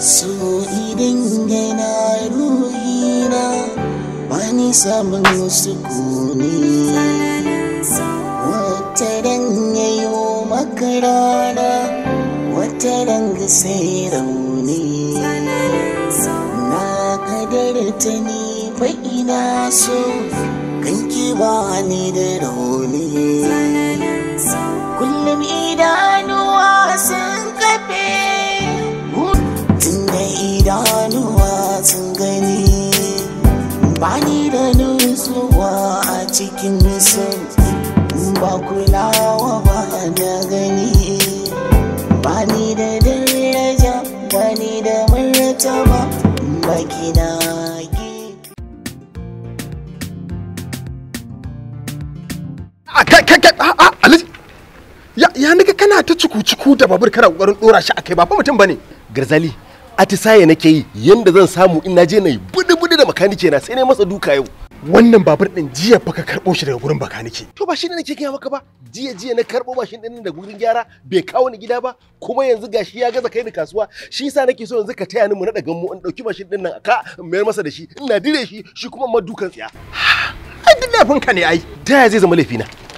so idan gaina ruhina wani samun kone, wata ran yayo maka rana wata ran sai rauni na kadarta ni fa ina so kan ki ba ni da rauni magina ah, ah, ah, ya nika kana ta ciku ciku da babur kana kokarin dora shi akai ba fa mutum bane garzali atisaye nake yi yanda zan samu in naje na yi budi da makanike na sai ne masa duka yau wannan babur din jiya fa ka karbo shi daga gurin bakanike to ba shi ne nake gaya maka ba jiya jiya na karbo mashin din daga gurin gyara bai kawo ni gida ba kuma yanzu gashi ya gaza kai ni kasuwa shi yasa nake so yanzu ka taya ni mu na daga mu in dauki mashin din nan ka mayar masa da shi ina dire shi shi kuma ma dukan tsiya ai duk laifin ka ne ai da zai zama laifina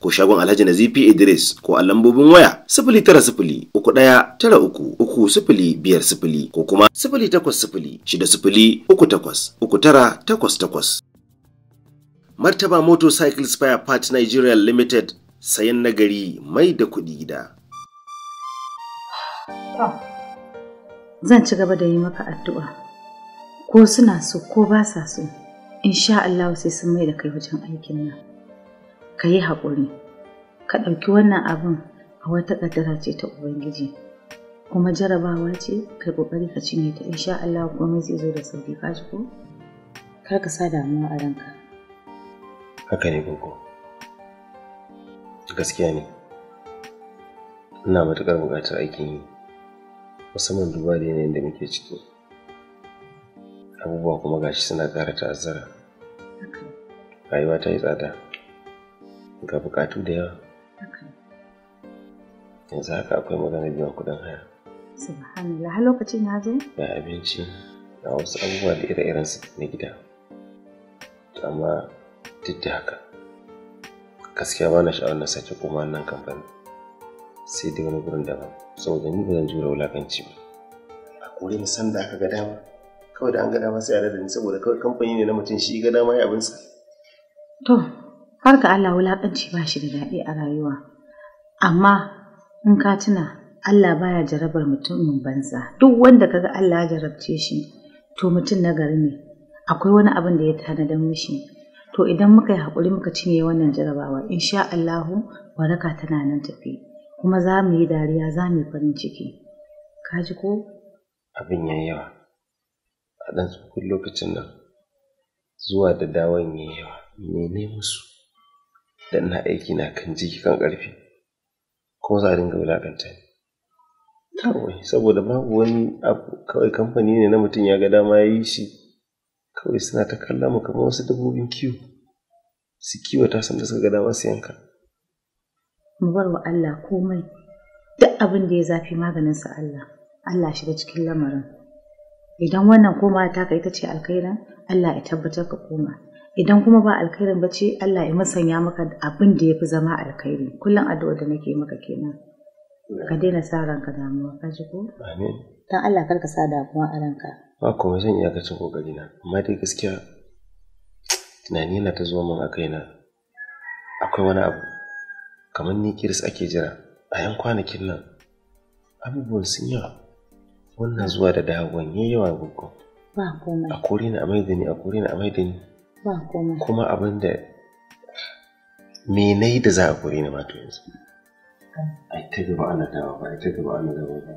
ko shagon Alhaji Nazifi Idris ko a lambobin waya sifili tara sifili uku ɗaya tara uku uku sifili biyar sifili ko kuma sifili takwas sifili shida sifili uku takwas uku tara takwas takwas. Martaba Motorcycle Spire Part Nigeria Limited sayan nagari mai da kuɗi gida. Zan ci gaba da yi maka addu'a ko suna so ko ba sa so, in sha Allah sai sun mai da kai wajen aikin nan. ka yi haƙuri ka ɗauki wannan abin a wata ƙaddara ce ta ubangiji kuma jarabawa ce kai ƙoƙari ka cinye ta sha Allah komai zai zo da sauƙi ka ji ko kar ka sa damuwa a ranka haka ne gogo gaskiya ne ina matuƙar buƙatar aikin yi musamman duba da yanayin da muke ciki abubuwa kuma gashi suna ƙara ta'azzara rayuwa ta yi tsada ga bukatu da yawa yanzu haka akwai magana biyan kudin haya subhanallah har lokacin ya zo ga abinci ga wasu abubuwa da ire-iren su na gida to amma duk da haka gaskiya ba na sha'awar na sake koma nan kamfani sai dai wani gurin ba. saboda ni ba zan jura wulakanci ba a kore ni san da aka ga dama kawai da an ga dama sai a da ni saboda kawai kamfani ne na mutum shi ga dama ya abinsa to har ga Allah wulaƙanci ba shi da daɗi a rayuwa amma in ka tuna Allah baya jarabar mutumin banza duk wanda kaga Allah ya jarabce shi to mutum na gari ne akwai wani abin da ya tanada mishi to idan muka yi haƙuri muka cinye wannan jarabawa insha Allahu waraka tana nan tafi kuma za mu yi dariya za mu yi farin ciki ka ji ko abin yi yawa a ɗan tsakon lokacin nan zuwa da dawon yi yawa mene musu da ina aiki na kan jiki kan ƙarfi ko za a dinga wulaƙanta ni kawai saboda babu wani abu kawai kamfani ne na mutum ya ga dama ya yi shi kawai suna ta kalla mu kamar wasu dabbobin kiwo su kiwata sun da suka ga dama su yanka mu bar wa Allah komai duk abin da ya zafi maganin sa Allah Allah shiga cikin lamarin idan wannan koma ta ita ce alkhairin Allah ya tabbatar ka koma idan kuma ba alkhairin ba ce Allah ya masanya maka abin da ya fi zama alkhairi kullum addu'a da nake maka kenan ka daina sa ranka damuwa ka ji ko amin dan Allah kar ka sa damuwa a ranka ba kuma zan iya ga kokari na amma dai gaskiya tunani na ta zuwa min a kaina akwai wani abu kamar ni kiris ake jira a yan kwanakin nan abubuwan sun yawa wannan zuwa da dawowan yayi yawa gugu ba komai a kore ni a maida ni a kore ni kuma abin da me na yi da za a kore ni ma to yanzu ai ta gaba ana dawa ba ai ta gaba ana dawa ba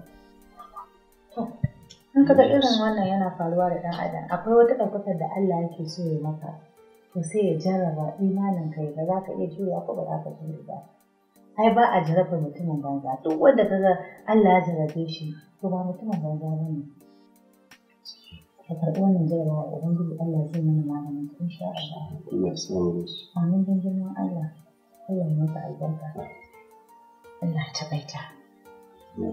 in ka ga irin wannan yana faruwa da dan adam akwai wata ɗaukakar da Allah yake so ya maka to sai ya jarraba imanin kai ba za ka iya juya ko ba za ka jure ba ai ba a jarraba mutumin banza duk wanda ga Allah ya jarrabe shi to ba mutumin banza ba ne ka karɓi wannan jarrabawa ubangiji Allah zai mana maganin Sasha. Amin don girman Allah. Allah ya maka albarka. Allah ta baita. Ya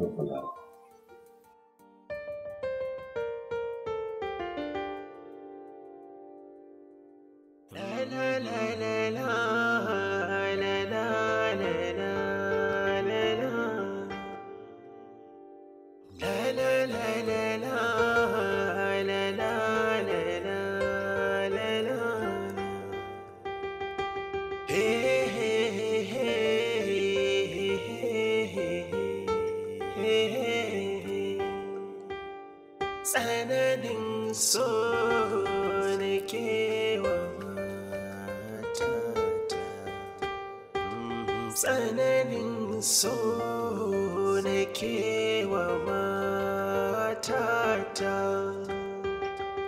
mata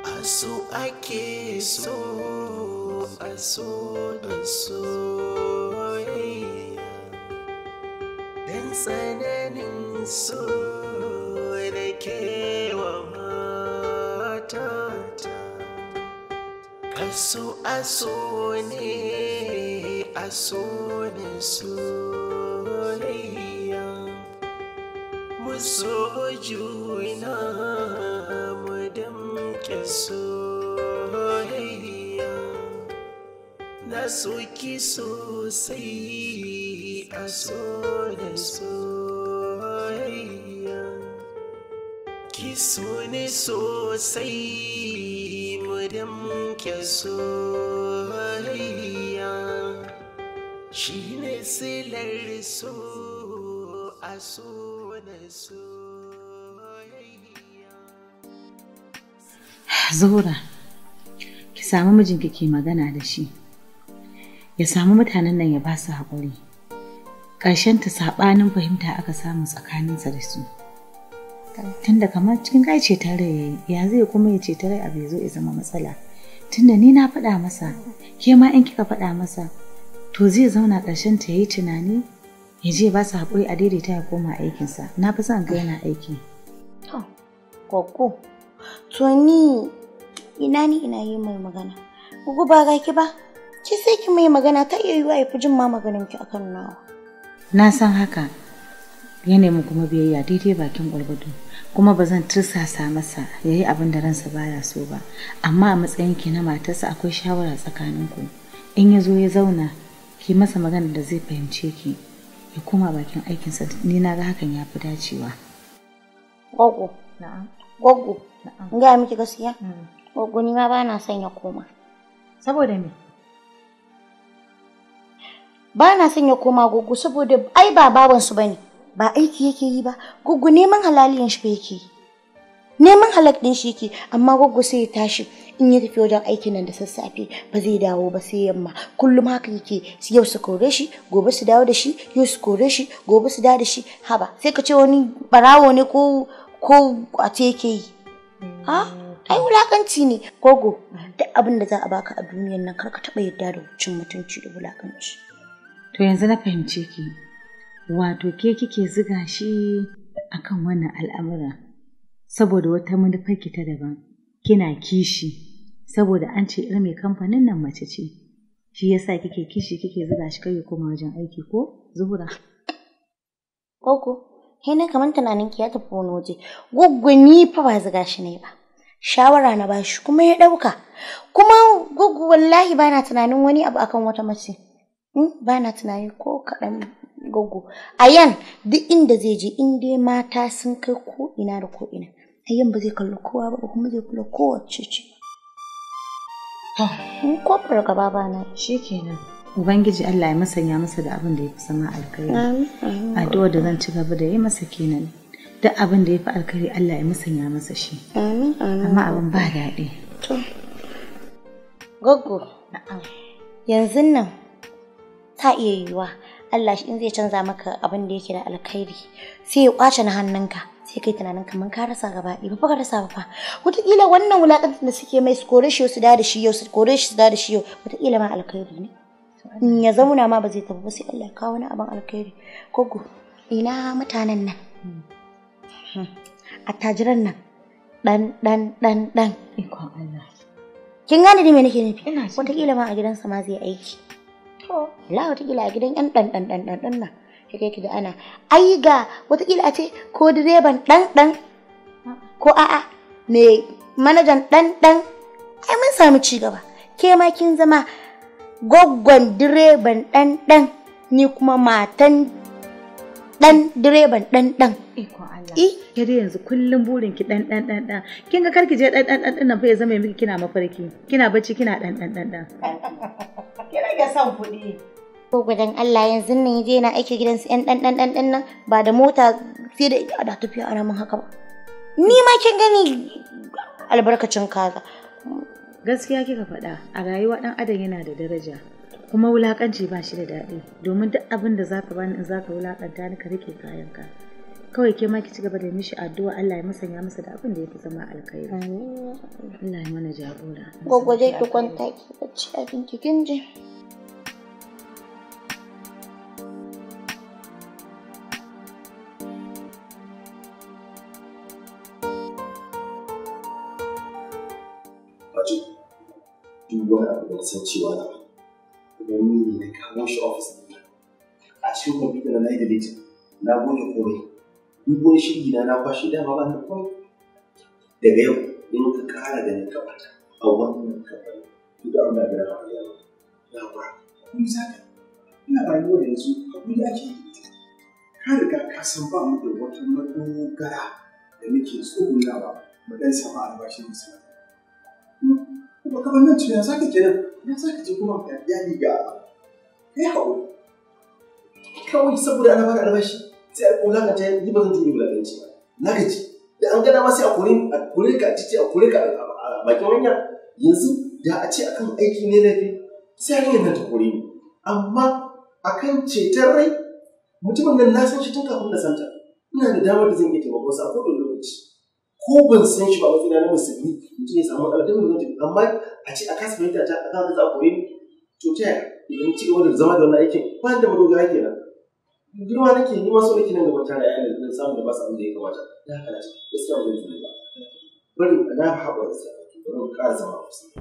a ake so a so da soyayya don tsananin so da kewa mata ta a so a so ne a so so mu damke soyayya na soki sosai a so da soyayya ki so ne sosai mu damke soyayya shi ne silar so a so Zora, ki samu mijinki kike magana da shi. Ya samu mutanen nan ya ba su haƙuri. ta saɓanin fahimta aka samu tsakaninsa da su. Tunda kamar cikin kai ce tare ya yi, ya zai kuma ya ce tare abu ya zo ya zama matsala. Tunda ni na faɗa masa, ke ma in kika faɗa masa, to zai zauna ƙarshen ta yi tunani ya je ba su haƙuri a daidaita ya koma aikinsa na fi son ga yana aiki. to koko to ni ina ni ina yi mai magana gugu ba ga ki ba ki sai ki mai magana ta iya yiwa ya fi jin ma maganin ki akan nawa na san haka ya nemi kuma biyayya daidai bakin gwargwado kuma ba zan tursasa masa ya yi abin da ransa baya so ba amma a matsayin ki na matarsa akwai shawara tsakaninku in ya zo ya zauna ki masa magana da zai fahimce ki ya koma bakin aikinsa ni na ga hakan ya fi dacewa gwaggo na'am gwaggo na'am ga miki gaskiya mm. Gogo ni ma na son ya koma saboda me ba na son ya koma gogo saboda ai ba babansu bane ba aiki yake yi ba Gogo neman halaliyan shi ba yake yi neman halak din shi ke amma gwaggo sai ya tashi in ya tafi wajen aikin nan da sassafe ba zai dawo ba sai yamma kullum haka yake yau su kore shi gobe su dawo da shi yau su kore shi gobe su dawo da shi haba sai ka ce wani barawo ne ko ko a ce yake yi ha ai wulakanci ne gogo duk abin da za a baka a duniyar nan karka taba yadda da cin mutunci da wulakanci to yanzu na fahimce ki wato ke kike ziga shi akan wannan al'amura saboda wata ki ta daban kina kishi saboda an ce ir mai kamfanin nan mace ce shi yasa kike kishi kike zuga shi kai kuma wajen aiki ko zuhura ogo kai na kaman tunanin ki ya tafi wani waje gugguni fa ba zuga shi ne ba shawara na bashi kuma ya ɗauka kuma gugu wallahi bana tunanin wani abu akan wata mace hmm, bana tunani ko kaɗan gugu a yan duk inda zai je in dai mata sun kai ko ina da ko ina ayyan ba zai kalli kowa ba kuma zai kula kowace ce to in kofar gaba ba na kenan, ubangiji Allah ya masanya masa da abin da ya fi sama alkhairi addu'a da zan ci gaba da yi masa kenan duk abin da ya fi alkhairi Allah ya masanya masa shi amma abin ba daɗi to goggo yanzu nan ta iya yiwuwa Allah shi in zai canza maka abin da yake da alkhairi sai ya kwace na hannunka sai kai tunanin kamar ka rasa gaba ɗaya ba ka rasa ba fa wataƙila wannan wulaƙantar da suke mai su kore shi su da da shi yau su kore shi su da da shi yau wataƙila ma alkhairi ne in ya zauna ma ba zai tafi ba sai Allah ya kawo wani abin alkhairi kogo ina mutanen nan hmm. attajiran nan dan dan dan dan ikon Allah kin gane ni me nake nufi wataƙila ma a gidansa ma zai aiki to Allah wataƙila a gidan yan dan dan dan dan nan kake ki da ana ai ga watakila a ce ko direban dan dan ko a'a me manajan dan dan ai mun samu ci gaba ke ma kin zama goggon direban dan dan ni kuma matan dan direban dan dan ikon Allah eh. yanzu kullum burin ki dan dan dan dan kin ga karki je dan dan dan nan fa ya zama miki kina mafarki kina bacci kina dan dan dan dan kina ga son kuɗi ko gudan Allah yanzu nan je na aiki gidan su ɗan ɗan ɗan ɗan nan ba da mota sai da ita da tafiya ana mun haka ba ni ma kin gani albarkacin kaza gaskiya kika faɗa a rayuwa ɗan adam yana da daraja kuma wulakanci ba shi da daɗi domin duk abin da zaka bani in zaka wulakanta ni ka rike kayan ka kawai ke ma ki cigaba da mishi addu'a Allah ya masanya masa da abin da ya fi zama alkhairi amin Allah ya mana jagora gogo ki kwanta ki bacci abinki kin kinje duk wani da na cewa na kuma ni ne na kawo shi ofis ɗin a cikin na yi deleting na goge komai duk wani shiri na kwashe dama ba na komai daga yau in ka kara ganin ka bata a wannan kamfani duk abin da gara faruwa na ba kun saka ina da yanzu hakuri ake ba mu da wata madogara da muke tsugunawa mu dan samu albashin kuma kamar nan cikin sake kenan ya sake je kuma ka ya riga kai haƙuri kawai saboda ana baka albashi sai a kula ka ta yi ba zan jure wulaƙanci ba na gaji da an gana ma sai a kore ka a a kore ka a bakin yanzu da a ce a kan aiki ne laifi sai hanyar na ta kore ne. amma akan ceton rai mutumin nan na san shi tun kafin na santa ina da damar da zan iya taimakon sa a kowane lokaci ko ban san shi ba wasu na musulmi mutum ya samu matsala don mutum amma a ce a kasa fahimta ta a kasa za a koyi? to ta yaya idan ci gaba da zama da wani aikin ba da madogara kenan girma nake ni masu aiki nan gaba ta da yayin da samu da ba su abin da ya kamata da haka na ce gaskiya ba zai ba bari na haɓar da sai bari mu ƙara zama kusa.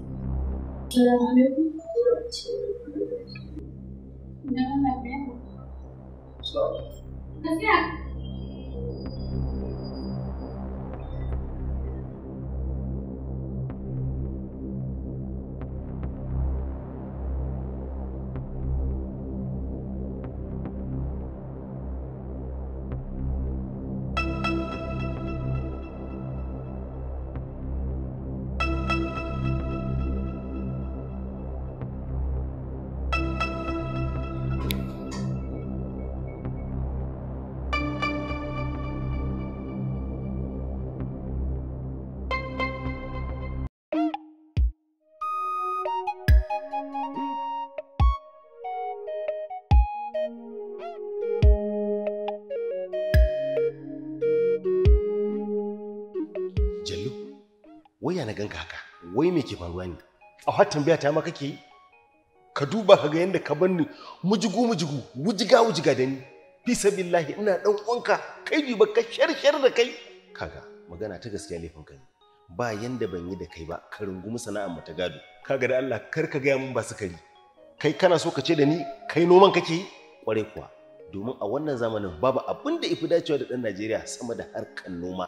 ganka haka wai me ke faruwa ne a har tambaya ta ma kake ka duba ka ga yadda ka bar mujigu mujigu wujiga wujiga da ni fi sabillahi ina dan uwanka kai bi baka sharshar da kai kaga magana ta gaskiya laifin ka ne ba yanda ban yi da kai ba ka rungumi sana'ar mata ta gado kaga da Allah kar ka gaya min ba kari. kai kana so ka ce da ni kai noman kake yi kwarai kuwa domin a wannan zamanin babu abin da ifi dacewa da ɗan Najeriya sama da harkar noma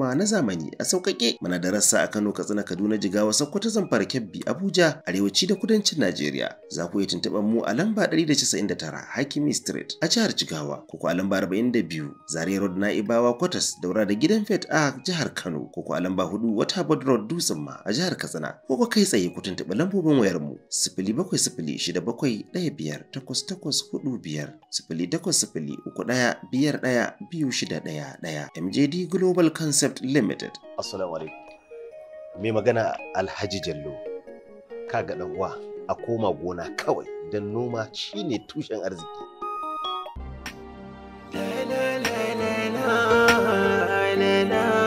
noma na zamani a sauƙaƙe. Muna da a Kano, Katsina, Kaduna, Jigawa, Sokoto, Zamfara, Kebbi, Abuja, Arewaci da Kudancin Najeriya. Za ku iya tuntuɓar mu a lamba 199 Hakimi Street a jihar Jigawa, ko a lamba 42 Zaria Road Na'ibawa Kwatas daura da gidan Fet a jihar Kano, ko a lamba 4 Waterboard Road Dutsen ma a jihar Katsina, ko kai tsaye ku tuntuɓi lambobin wayar mu takwas 0806 uku ɗaya biyar ɗaya biyu shida ɗaya ɗaya mjd global concept Concept Limited. Assalamu alaikum. Mai magana Alhaji Jallo. ka dan uwa a koma gona kawai don noma shine tushen arziki. na na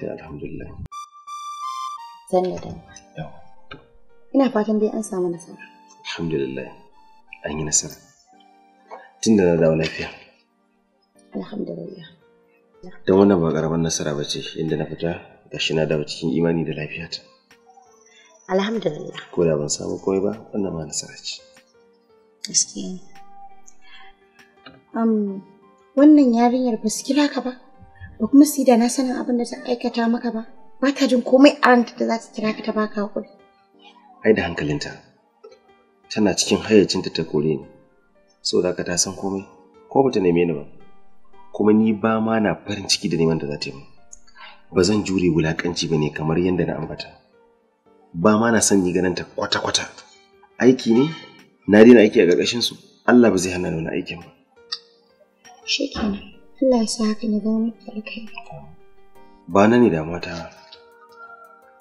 lafiya alhamdulillah zan da yawa ina fatan dai an samu nasara alhamdulillah an yi nasara tun da na dawo lafiya alhamdulillah don wannan ba karamar nasara ba ce inda na fita gashi na dawo cikin imani da lafiya ta. alhamdulillah ko da ban samu komai ba wannan ma nasara ce gaskiya um, wannan yarinyar ba su kira ka ba ba kuma su da na sanin abin da ta aikata maka ba ba ta jin komai a ranta da za ta kira ka ta baka hakuri ai da hankalinta tana cikin hayyacinta ta kore ni saboda ka ta san komai ko ba ta neme ni ba kuma ni ba ma na farin ciki da neman da za ta yi ba zan jure wulakanci ba ne kamar yadda na ambata ba ma na son yi ganin ta kwata-kwata aiki ne na daina aiki a ƙarƙashinsu. su Allah ba zai hana nuna aikin ba shikenan Allah ya sa hakan ya zama mafi Ba na ne da mata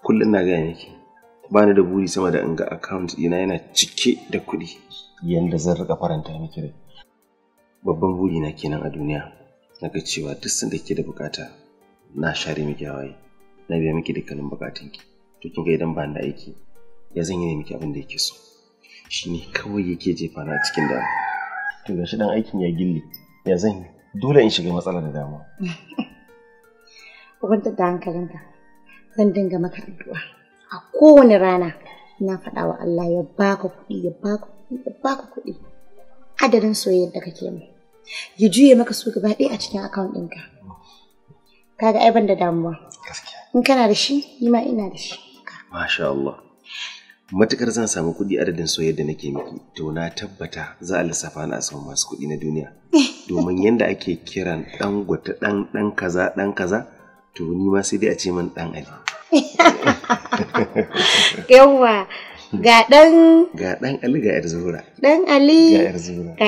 kullum na gaya miki ba ni da buri sama da in ga account ina yana cike da kuɗi yanda zan rika faranta miki rai. Babban buri na kenan a duniya na ga cewa duk sanda ke da bukata na share miki hawaye na biya miki dukkanin bukatunki to kin ga idan ba ni da aiki ya zan yi ne miki abin da yake so shine kawai yake jefa na cikin da to gashi dan aikin ya gilli ya zan yi dole in shiga matsala da dama Kwantar da hankalinka zan dinga maka addu'a a kowane rana na faɗa wa Allah ya baka kuɗi ya baka kuɗi ya baka kuɗi adadin soyayyar da kake mu ya juye maka su gaba ɗaya a cikin akawun ɗinka. Kaga ai ban da damuwa. In kana da shi, ni ma ina da shi. Masha Allah. matukar zan samu kuɗi adadin soyayyar da nake miki to na tabbata za a lissafa na a saman masu kuɗi na duniya. domin yadda ake kiran ɗan gwata ɗan ɗan kaza ɗan kaza to ni ma sai dai a ce min ɗan ali yawwa ga ɗan ga ɗan ali ga yar zuhura ɗan ali ga yar zuhura a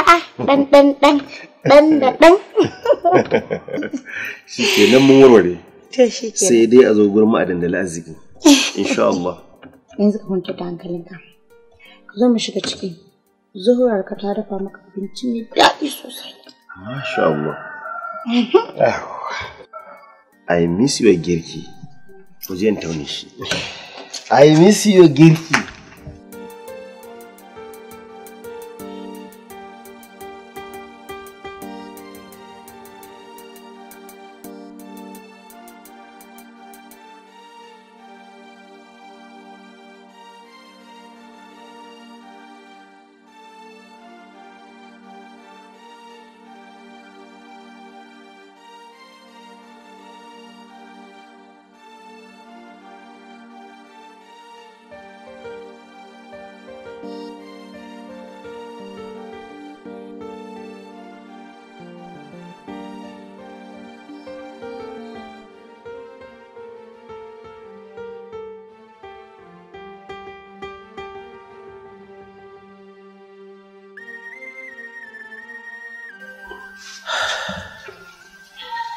a a'a ɗan ɗan ɗan ɗan da ɗan shi ke nan mun warware sai dai a zo gurin a da arziki insha Allah yanzu ka kwanta da hankalinka ka zo mu shiga ciki zuhurar ka ta dafa maka abinci mai daɗi sosai. Masha Allah. I miss your girki. Ku je in taune shi. I miss your girki.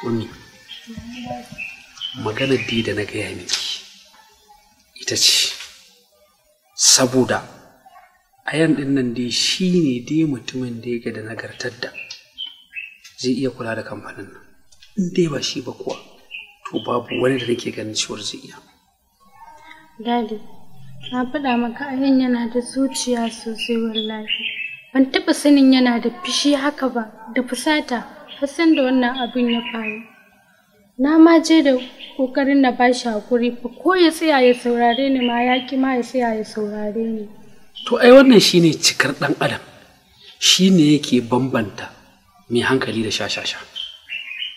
Ummi, maganar dai da na gaya miki ita ce, saboda ayan ɗin nan dai shi ne dai mutumin da yake da nagartar da zai iya kula da kamfanin nan. In dai ba shi ba kuwa, to babu wani da nake ganin ciwar zai iya. na faɗa maka ayan yana da zuciya sosai wallahi. ban taɓa sanin yana da fishi haka ba da fusata har san da wannan abin ya faru na ma je da ƙoƙarin na ba shi haƙuri fa ko ya tsaya ya saurare ni ma ya ki ma ya tsaya ya saurare ni to ai wannan shine cikar ɗan adam shine yake bambanta mai hankali da shashasha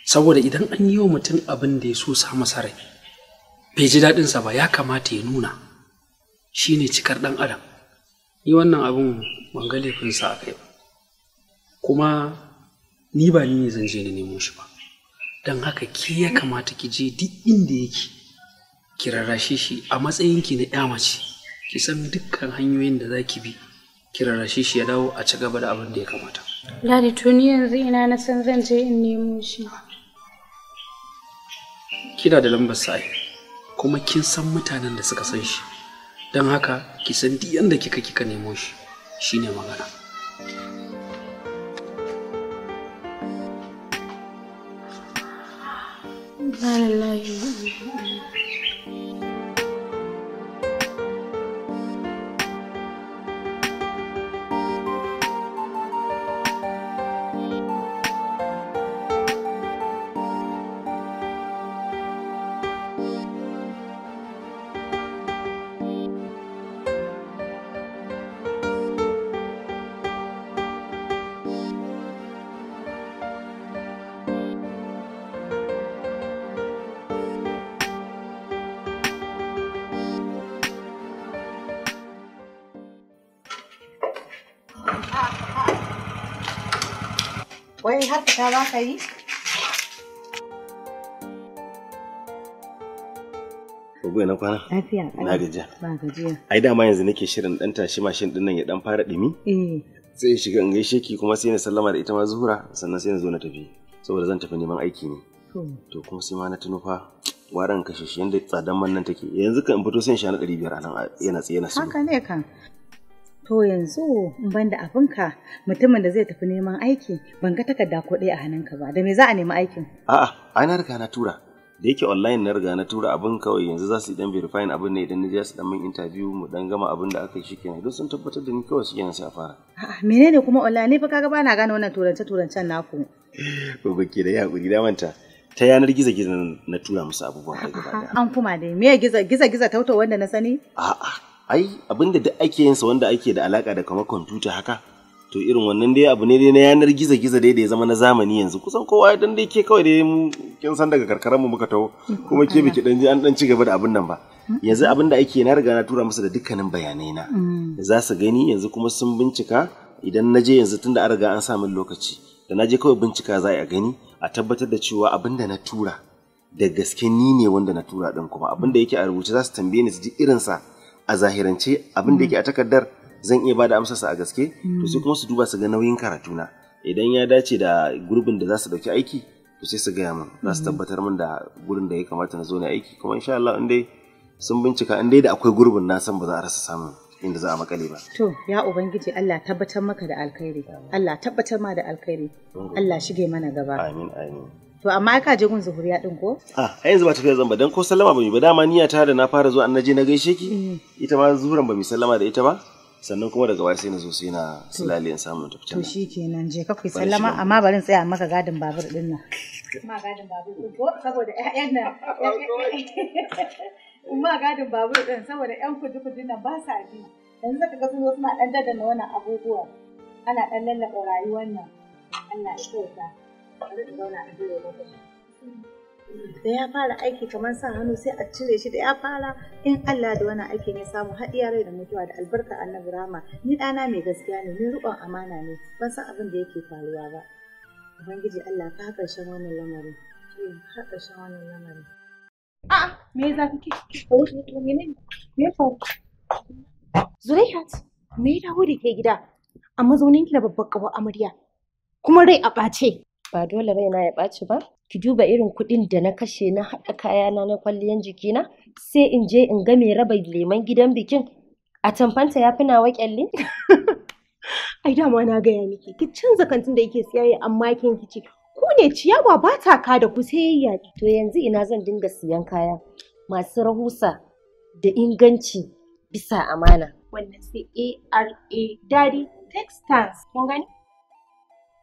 saboda idan an yi wa mutum abin da ya so sa masa rai bai ji daɗinsa ba ya kamata ya nuna shine cikar ɗan adam ni wannan abin ban ga laifinsa a kai ba kuma ni ba ni ne zan je na nemo shi ba don haka ki ya kamata ki je duk inda yake ki rarrashe shi a matsayin ki na ya mace ki san dukkan hanyoyin da za ki bi ki rarrashe shi ya dawo a ci gaba da abin da ya kamata Ladi tuni yanzu ina na san zan je in nemo shi kina da lambar sa'i kuma kin san mutanen da suka san shi don haka ki san duk yanda kika kika nemo shi shine magana Lalallahi wai har fita za ka yi Gobe na kwana? Lafiya. Na gajiya. Ba gajiya. Ai dama yanzu nake shirin dan tashi mashin din nan ya dan fara dimi. Eh. Sai shiga in gaishe ki kuma sai na sallama da ita ma Zuhura sannan sai na zo na tafi saboda zan tafi neman aiki ne. To kuma sai ma na tuno fa waran kashe shi yanda tsadan man nan take yanzu kan fito sai in sha na 500 a nan yana tsaye na su. Haka ne kan. To yanzu in banda abinka mutumin da zai tafi neman aiki ban ga takarda ko a a hannunka ba da me za a nemi aikin? A'a, ai na riga na tura. Da yake online na riga na tura abin kawai yanzu za su dan verify abin ne idan za su dan min interview mu dan gama abin da aka yi shikenan don sun tabbatar da ni kawai shikenan sai a fara. A'a, menene kuma online ne fa kaga ba na gane wannan turance turancen naku. Ba ke da hakuri da manta. ta yanar gizo gizo na tura musu abubuwan da gaba An kuma dai me gizo gizo gizo tauta wanda na sani? A'a ai abinda duk ake yinsa wanda ake da alaka da kamar kwamfuta haka to irin wannan dai abu ne dai na yanar gizo gizo dai da ya zama na zamani yanzu kusan kowa dan dai ke kawai dai mu kin san daga karkaran mu muka taho kuma ke biki dan an dan ci gaba da abin nan ba yanzu abin da ake na riga na tura musu da dukkanin bayanai na mm. za su gani yanzu kuma sun bincika idan na je yanzu tunda an riga an sa min lokaci da na je kawai bincika za a gani a tabbatar da cewa abinda da na tura da gaske ni ne wanda na tura din kuma abin yake a rubuce za su tambaye ni su ji irinsa a zahirance abin da yake a hmm. takardar zan iya bada amsarsa a gaske to sai hmm. kuma su duba su ga nauyin karatuna idan ya dace da gurbin da za su dauki aiki to sai su gaya min za su hmm. tabbatar min da gurin da ya kamata na zo na aiki kuma insha Allah in dai sun bincika in dai da akwai gurbin na san ba za a rasa samun inda za a makale ba. To, ya Ubangiji Allah tabbatar maka da alkhairi, Allah tabbatar ma da alkhairi, Allah shige mana gaba. Amin, amin. To amma ka je gun zuhuriya din ko? A ah, yanzu ba tafiya zan ba dan ko sallama ba mi ba dama niyya ta da na fara zuwa annaje na gaishe ki. Mm. Ita ma zuhuran ba mi sallama da ita ba. Sannan kuma daga baya sai na zo sai na silali in samu tafi To shikenan je ka kai sallama amma bari in tsaya maka gadin babur din nan. Ma gadin babur din ko saboda ƴaƴan nan. Oh, ma gadin babur din saboda ƴan kudu-kudu nan ba sa bi. Yanzu ka ga sun zo suna ɗan dadana wannan abubuwa. Ana ɗan lallaɓa rayuwar nan. Allah ya kyauta. da ya fara aiki kamar sa hannu sai a cire shi da ya fara in Allah da wani aikin ya samu haɗiya rai da mutuwa da albarka annabi rama ni ɗana mai gaskiya ne ni riƙon amana ne ban san abin da yake faruwa ba ubangiji Allah ka ƙarshen wannan lamarin ka ƙarshen wannan lamarin a'a me za ka ke me ya faru me ya dawo da ke gida a mazauninki da babbar ƙawar amarya kuma rai a ɓace ba dole raina ya ɓaci ba ki duba irin kuɗin da na kashe na haɗa kayana na kwalliyan jikina sai in je in ga mai raba leman gidan bikin a tamfanta ya fi nawa ƙyalli ai dama na gaya miki ki canza kantin da yake siyayya amma kin kici ku ne ciyawa ba ta ka da ku sai yayya to yanzu ina zan dinga siyan kaya masu rahusa da inganci bisa amana wannan sai ARA Daddy Textiles kun gani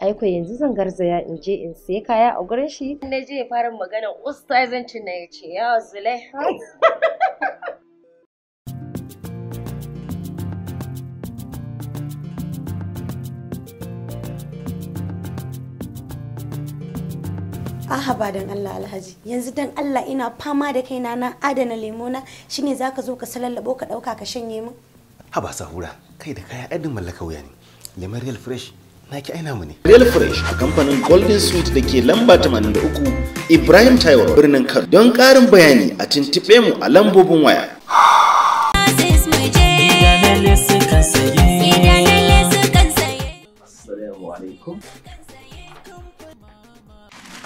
aiko yanzu zan garzaya in je in sai kaya a gurin shi na je fara magana ustazanci na ya ce ya zule A haba dan Allah Alhaji yanzu dan Allah ina fama da kaina na adana lemona shine ka zo ka salallabo ka ɗauka ka shanye min Haba sahura kai da kaya ɗan mallaka wuya ne lemon real fresh naki aina mu ne real fresh a kamfanin golden sweet da ke lamba 83 ibrahim taiwo birnin kano don ƙarin bayani a tuntuɓe mu a lambobin waya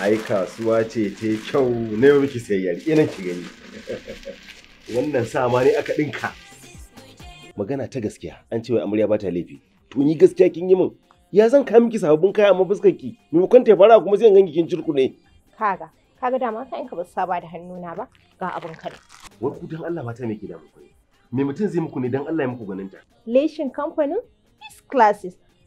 ai kasuwa ce ta kyau na yau miki sayayyar ina ki gani wannan ma ne aka dinka magana ta gaskiya an ce wai amarya ba ta laifi to ni gaskiya kin yi min ya zan kai miki sababbin kaya amma fuskar ki maimakon ta fara kuma sai ganki kin cirkune kaga kaga dama ka in ka ba saba da hannuna ba ga abin kare wa ku dan Allah mata me ke da muku ne me mutum zai muku ne dan Allah ya muku ganin ta leshin kamfanin class classes